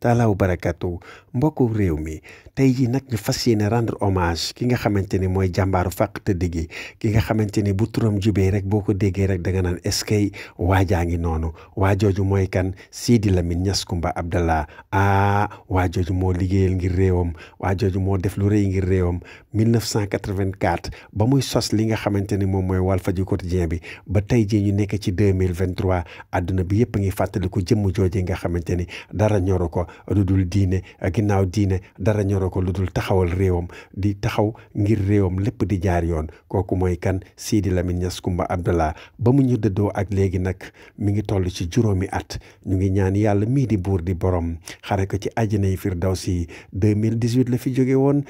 taalaa wa barakaatu mbokku réew mi tey jii nag ñu fas yéene rendre hommage ki nga xamante ni mooy jàmbaaru fàq tëdd gi ki nga xamante ni bu turam jubee rek boo ko déggee rek da nga naan eskay waajaa ngi noonu waajooju mooy kan Sidi Lamine Niass Kumba Abdallah ah waajooju moo liggéeyal ngir réewam waajooju moo def lu rëy ngir réewam 1984 ba muy sos li nga xamante ni moom mooy Walfadjri quotidien bi ba tey jii ñu nekk ci 2023 àdduna bi yëpp ngi fàttaliku jëmm jooje nga xamante ni dara ñoru ko lu dul diine ginnaaw diine dara ñoro ko lu dul taxawal réewam di taxaw ngir réewam lépp di jaar yoon kooku mooy kan Sidi Lamine Niass Kumba Abdallah ba mu ñu dëddoo ak léegi nag mi ngi toll ci juróomi at ñu ngi ñaan yàlla mii di buur di borom xare ko ci àjjana yi firdawsi 2018 la fi jóge woon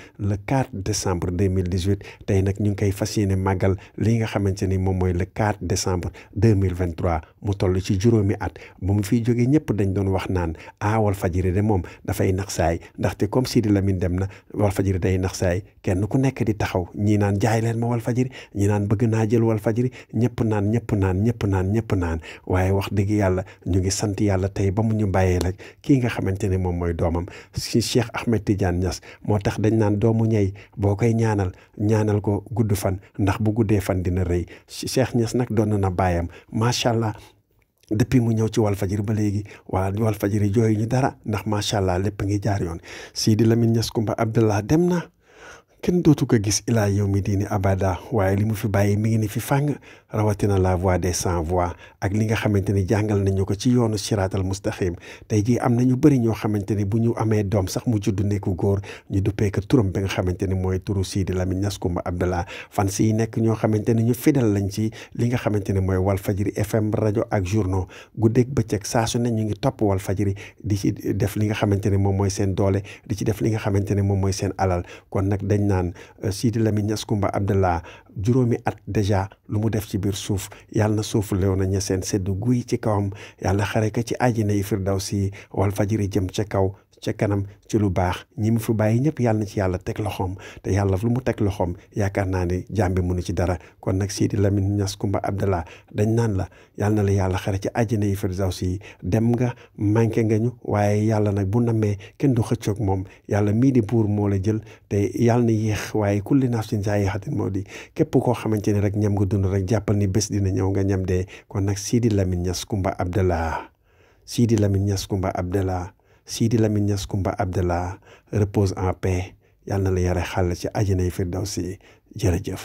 decembre le mille décembre 2018 tey nag ñu ngi koy fas yéene màggal li nga xamante ni moom mooy le 4 décembre 2023 mu toll ci juróomi at ba mu fiy jóge ñëpp dañ doon wax naan Walfadjri de moom dafay nax saay ndaxte comme Sidi Lamine dem na Walfadjri day nax saay kenn ku nekk di taxaw ñii naan jaay leen ma Walfadjri ñi naan bëgg naa jël Walfadjri ñëpp naan ñëpp naan ñëpp naan ñëpp naan waaye wax dëgg yàlla ñu ngi sant yàlla tey ba mu ñu bàyyee la kii nga xamante ne moom mooy doomam si Cheikh Ahmed Tidiane Niass moo tax dañ naan doomu ñey boo koy ñaanal ñaanal ko gudd fan ndax bu guddee fan dina rëy Cheikh ñas nag doon na baayam macha allah depuis mu ñëw ci Walfajiri ba léegi waa Walfajiri jooyu ñu dara ndax macha allah lépp ngi jaar yoon Sidi Lamine Niass Kumba Abdallah dem na kenn dootu ko gis ilaa yow mi diini abada waaye li mu fi bàyyi mi ngi ni fi fàng rawatina la voix de san voix ak li nga xamante ni jàngal nañu ko ci yoonu siraatal mustaqim tey jii am na ñu bëri ñoo xamante ni bu ñu amee doom sax mu judd nekku góor ñu du ko turam bi nga xamante ni mooy turu Sidi Lamine Niass Koumba Abdallah fan si nekk ñoo xamante ni ñu fidèle lañ ci li nga xamante ni mooy Walfajiri FM rajo ak journaux guddeeg bëccëg saa su ne ñu ngi topp Walfajiri di ci def li nga xamante ni moom mooy seen doole di ci def li nga xamante ni moom mooy seen alal kon naan euh, Sidi Lamine ñas Kumba Abdallah juróomi at dèjà lu mu def ci biir suuf yàlla na suufu Léona Niassène sedd guy ci kawam yàlla xare ko ci àjjana yi firdaw si wal fajiri jëm ca kaw ca kanam ci lu baax ñi mu fi bàyyi ñëpp yàlla na ci yàlla teg loxoom te yàlla lu mu teg loxoom yaakaar naa ne jàmbi mënu ci dara kon nag sii Sidi Lamine Niass Kumba Abdallah dañ naan la yàlla na la yàlla xare ci àjjana yi firdaws yi dem nga manqué nga ñu waaye yàlla nag bu namee kenn du xëccoog moom yàlla mii di buur moo la jël te yàlla na yéex waaye kulli nafsin zaa'iqatul mawti képp koo xamante ne rek ñam nga dund rek jàppal ni bés dina ñëw nga ñam dee kon nag Sidi Lamine Niass Kumba Abdallah Sidi Lamine Niass Kumba Abdallah Sidi Lamine Niass Kumba Abdallah repose en paix yàlla na la yàlla xàll ci àjjana yi firdawsi jërëjëf